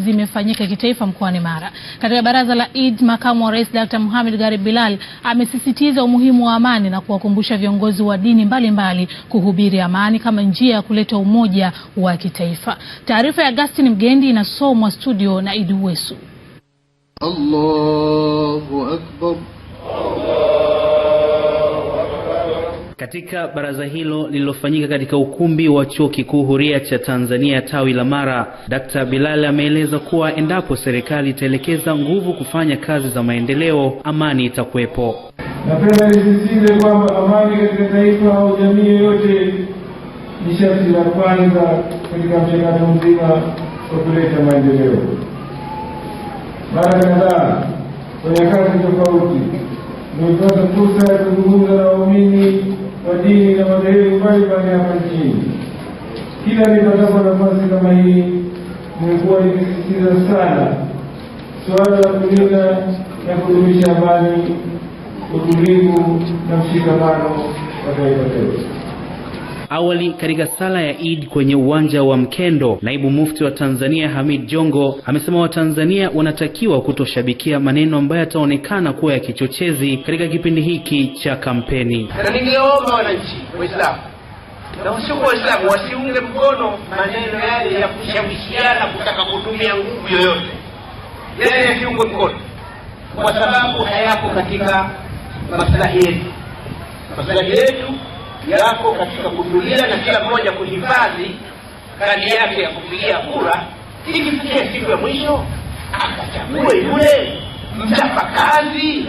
zimefanyika kitaifa mkoani Mara. Katika baraza la Eid, makamu wa rais Dr. Mohamed Garib Bilal amesisitiza umuhimu wa amani na kuwakumbusha viongozi wa dini mbalimbali mbali kuhubiri amani kama njia ya kuleta umoja wa kitaifa. Taarifa ya Agustin Mgendi inasomwa studio na Idu Wesu. Allahu Akbar. Katika baraza hilo lililofanyika katika ukumbi wa Chuo Kikuu Huria cha Tanzania tawi la Mara, Dkt. Bilal ameeleza kuwa endapo serikali itaelekeza nguvu kufanya kazi za maendeleo, amani itakuwepo. Napenda nisisitize kwamba amani katika taifa au jamii yoyote ni sharti la kwanza katika mchakato mzima wa kuleta maendeleo. Mara kadhaa kwenye kazi tofauti nimepata fursa ya kuzungumza na waumini dini na madhehebu mbalimbali hapa nchini. Kila nikatapa nafasi kama hii, nimekuwa nikisisitiza sana suala la kulinda na kudumisha amani, utulivu na mshikamano wa taifa letu awali katika sala ya Eid kwenye uwanja wa Mkendo. Naibu mufti wa Tanzania Hamid Jongo amesema Watanzania wanatakiwa kutoshabikia maneno ambayo yataonekana kuwa ya kichochezi katika kipindi hiki cha kampeni. Na ningeomba wananchi Waislamu na wasioko Waislamu wasiunge mkono maneno yale ya kushawishiana kutaka kutumia nguvu yoyote, yale yasiungwe mkono kwa sababu hayako katika maslahi yetu, maslahi yetu yako katika kuzulia na kila mmoja kuhifadhi kadi yake ya kupigia kura, ikifikia siku ya mwisho akachague yule mchapakazi